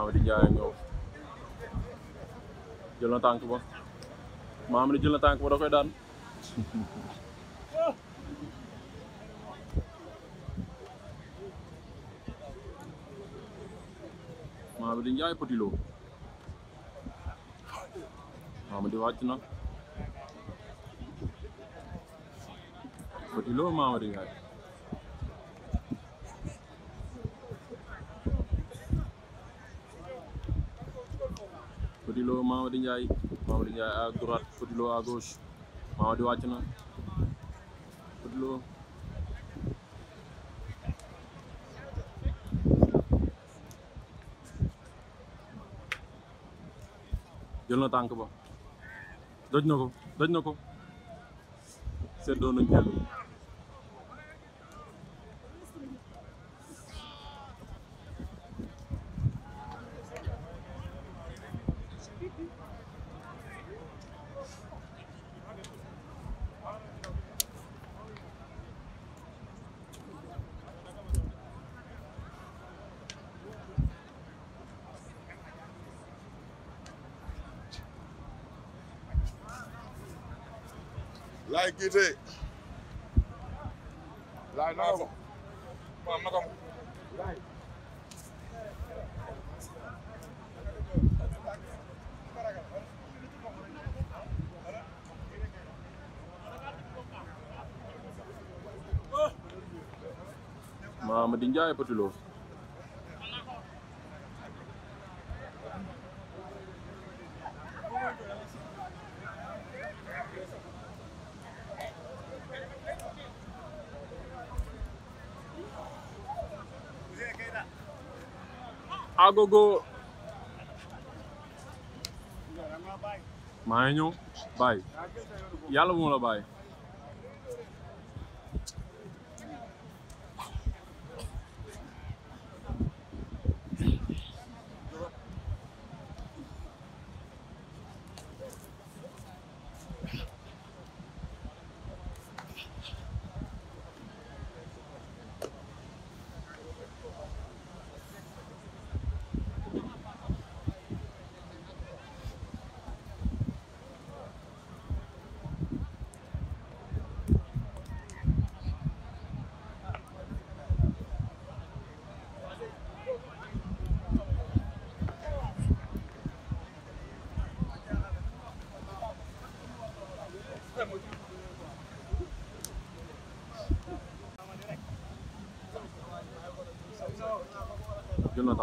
Mamady di ñëw jël na tànk ba Mamady jël na tànk ba da koy daan Mamady Ndiaye Petit Lo Mamady wàcc na Petit Lo Mamady Ndiaye Petit Lo Mamady Ndiaye Mamady Ndiaye à ba doj na ko doj na ko seddoo laay giite laay naka ko waaw naka Mamadi Ndiaye Petit Lo agogo maa ngi ñëw bàyyi yàlla bu ma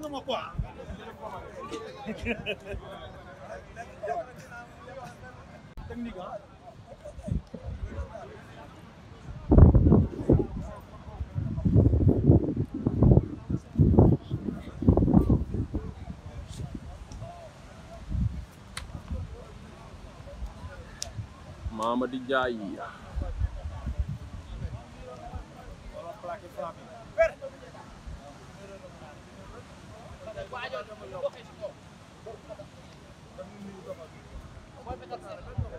na Mamadi Ndiaye Thank you.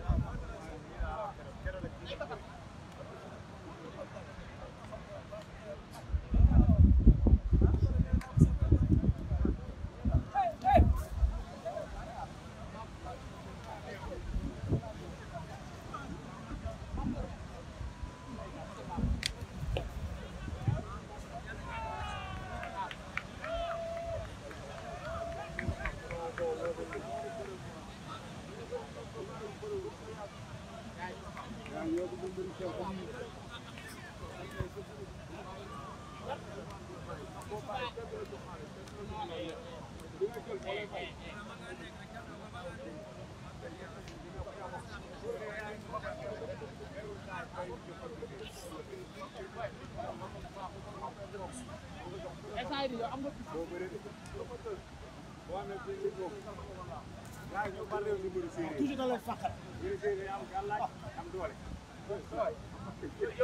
gaay bi yow am nga boo bëree de boo amee ci ci boobu gaay ñu bari ñu bëri séeréer toujours da lay fàqal bëri séeréer am gàllaaj am doole yooyu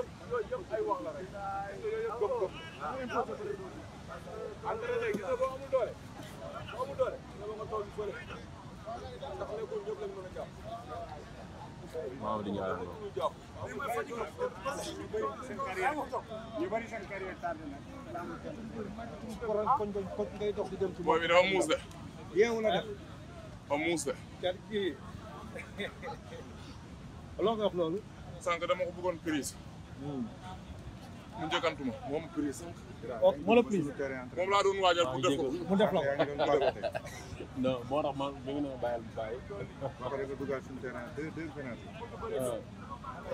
yëpp ay wax la rek yooyu yëpp gopp gopp entraîné gis nga boo amul doole boo amul doole dama ko toog fële ndax nekkul ñëpp lañ mën a jàpp booy bi dafa muus de. yeewu la def. ba muus de. loo koy loolu. sànq dama ko bëggoon prise. mu njëkkantuma moom prise. oh moo la prise. moom laa doon waajal pour def mu def la ko. non moo tax man mi ngi doon bu bàyyi.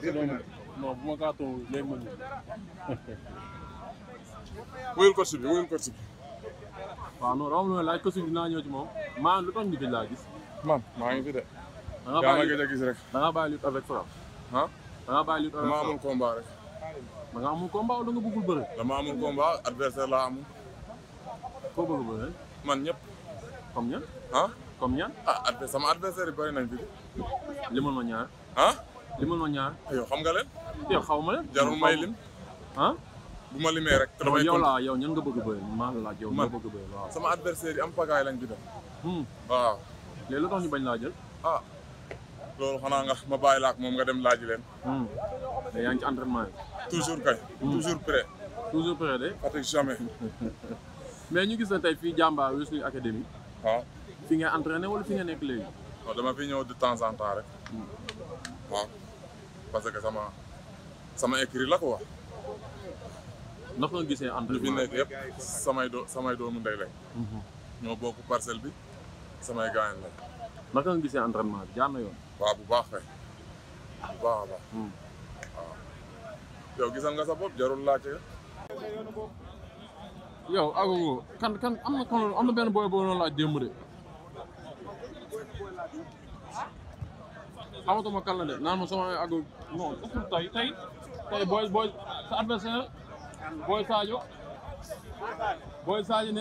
non bu ma kaatoo léegi ma ñëw. wóyul coach bi wóyul coach bi. waaw non laaj coach bi dinaa moom maanaam lu tax ñu gëj laa gis. man maa ngi fi de. da nga bàyyi gëj a gis rek. da nga bàyyi lutte avec frappe. ah da nga bàyyi lutte avec frappe. dama amul combat rek. da nga amul combat wala nga bëggul bëre. dama amul combat adversaire laa amul. koo bëgg bëre. man ñëpp. comme ñan. Ah, sama adversaire yi bëri nañ fi. ma ñaar li ma ñaar. yow xam nga leen. yow xaw ma leen. jarul may lim. ah. bu ma limee rek. te damay yow laa yow ñan nga bëgg a maa la laaj yow nga bëgg a bëri waaw. sama adversaire yi am pagaay lañ ci def. Hmm. waaw. léegi lu tax ñu bañ laa jël. ah loolu xanaa nga ma bàyyi la moom nga dem laaj leen. Hmm. mais yaa ngi ci entraînement yi. toujours kay. Hmm. toujours prêt. toujours prêt de. mais ñu gis na tey fii Jàmbaar Wrestling Academy. waaw ah. fi nga entraîné wala fi nga nekk léegi. dama fi ñëw temps en temps rek. parce que sama sama écrit la ko wax. naka gise gisee entraînement ñu fi nekk samay doo samay doomu ndey lañ. Mhm. ñoo bokk parcelle bi samay gaañ lañ. naka nga gisee entraînement bi jaar na yoon. waaw bu baax kay bu baax a mhm. yow gisal nga sa bopp jarul laajte. yow Agogo kan kan am na am na booy boo doon laaj démb de. xamatuma kan la de naan ma sama ak non tey tey tey booy booy sa adversaire booy Sadio booy jël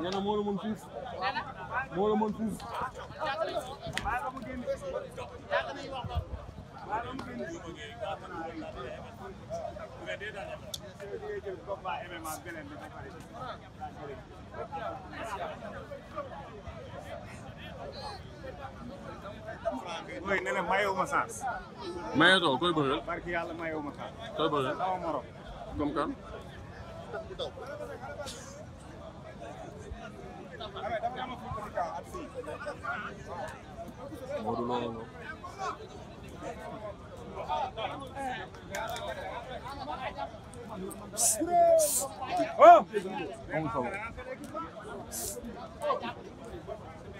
nee na mën fuuf moo mën fuuf mooy nee na mayoo ma saas. mayoo too koy barki yàlla mayoo ma saas. koy bëggal sama morom. comme kan. Modou Lo oh!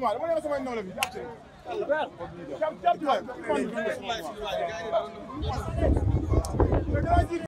dama dama sama nawle bi jàpp ci jàpp ci waay